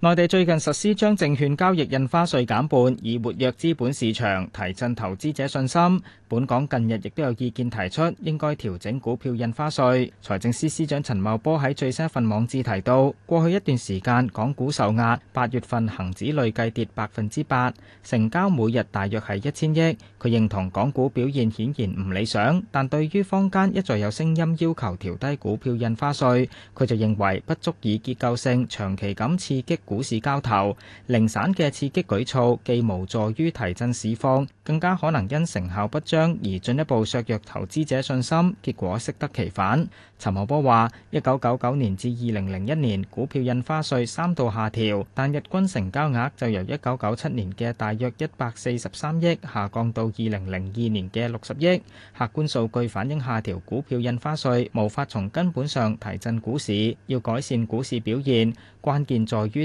內地最近實施將證券交易印花稅減半，以活躍資本市場、提振投資者信心。本港近日亦都有意見提出，應該調整股票印花稅。財政司司長陳茂波喺最新一份網誌提到，過去一段時間港股受壓，八月份恒指累計跌百分之八，成交每日大約係一千億。佢認同港股表現顯然唔理想，但對於坊間一再有聲音要求調低股票印花稅，佢就認為不足以結構性、長期咁刺激股市交投零散嘅刺激舉措既無助於提振市況，更加可能因成效不彰而進一步削弱投資者信心，結果適得其反。陳茂波話：一九九九年至二零零一年股票印花稅三度下調，但日均成交額就由一九九七年嘅大約一百四十三億下降到二零零二年嘅六十億。客觀數據反映下調股票印花稅無法從根本上提振股市，要改善股市表現，關鍵在於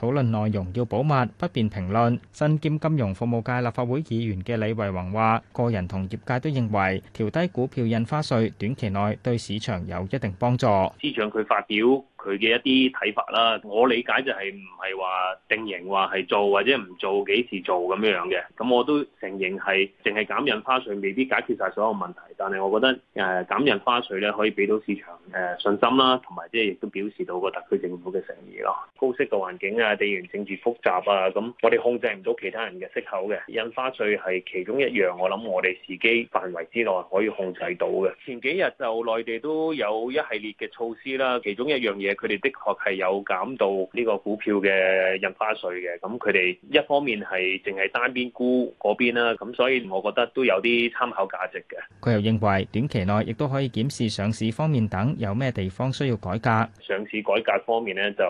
討論內容要保密，不便評論。身兼金融服務界立法會議員嘅李惟宏話，個人同業界都認為調低股票印花稅，短期內對市場有一定幫助。司長佢發表，佢嘅一啲睇法啦，我理解就係唔係話定型話，係做或者唔做，幾時做咁樣樣嘅，咁我都承認係淨係減印花稅未必解決晒所有問題，但係我覺得誒、呃、減印花稅咧可以俾到市場誒、呃、信心啦，同埋即係亦都表示到個特區政府嘅誠意咯。高息嘅環境啊，地緣政治複雜啊，咁我哋控制唔到其他人嘅息口嘅，印花稅係其中一樣，我諗我哋時機範圍之內可以控制到嘅。前幾日就內地都有一系列嘅措施啦，其中一樣嘢。佢哋的確係有減到呢個股票嘅印花稅嘅，咁佢哋一方面係淨係單邊沽嗰邊啦，咁所以我覺得都有啲參考價值嘅。佢又認為短期內亦都可以檢視上市方面等有咩地方需要改革。上市改革方面咧，就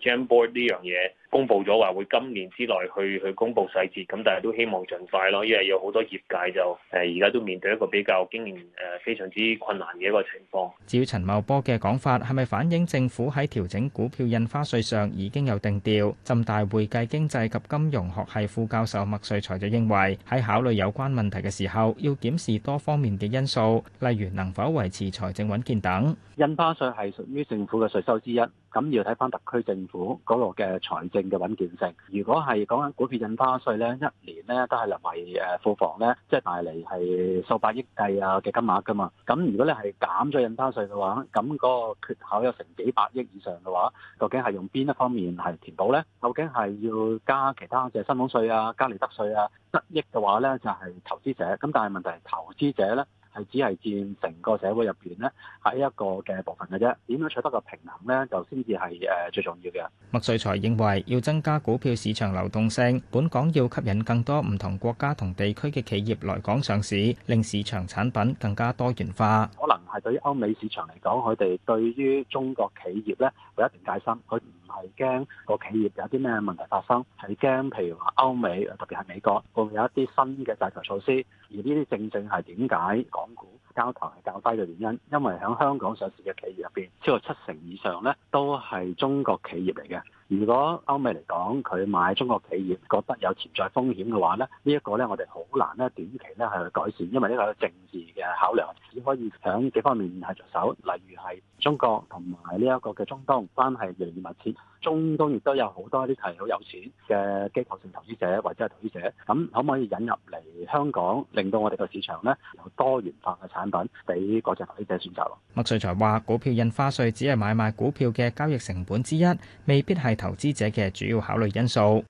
誒 jumbo board 呢樣嘢。Uh, 公布咗話會今年之內去去公布細節，咁但係都希望盡快咯，因為有好多業界就誒而家都面對一個比較經營誒非常之困難嘅一個情況。至於陳茂波嘅講法，係咪反映政府喺調整股票印花稅上已經有定調？浸大會計經濟及金融學系副教授麥瑞才就認為，喺考慮有關問題嘅時候，要檢視多方面嘅因素，例如能否維持財政穩健等。印花稅係屬於政府嘅稅收之一。咁要睇翻特區政府嗰個嘅財政嘅穩健性。如果係講緊股票印花稅咧，一年咧都係立為庫房咧，即係帶嚟係數百億計啊嘅金額噶嘛。咁如果你係減咗印花稅嘅話，咁嗰個缺口有成幾百億以上嘅話，究竟係用邊一方面係填補咧？究竟係要加其他即係薪俸稅啊、加利得稅啊、得益嘅話咧，就係投資者。咁但係問題係投資者咧。係只係佔成個社會入邊咧，係一個嘅部分嘅啫。點樣取得個平衡咧，就先至係誒最重要嘅。麥萃才認為要增加股票市場流動性，本港要吸引更多唔同國家同地區嘅企業來港上市，令市場產品更加多元化。可能係對於歐美市場嚟講，佢哋對於中國企業咧，會一定戒心。佢唔係驚個企業有啲咩問題發生，係驚譬如話歐美特別係美國會有一啲新嘅制裁措施。而呢啲正正係點解港股？交投係較低嘅原因，因為喺香港上市嘅企業入邊，超過七成以上咧都係中國企業嚟嘅。如果歐美嚟講佢買中國企業，覺得有潛在風險嘅話咧，這個、呢一個咧我哋好難咧短期咧係去改善，因為呢個係政治嘅考量，只可以喺幾方面係着手，例如係中國同埋呢一個嘅中東關係越嚟越密切，中東亦都有好多啲係好有錢嘅機構性投資者或者係投資者，咁可唔可以引入嚟香港，令到我哋個市場咧有多元化嘅產？產品俾國際投資者選擇咯。麥瑞才話：股票印花稅只係買賣股票嘅交易成本之一，未必係投資者嘅主要考慮因素。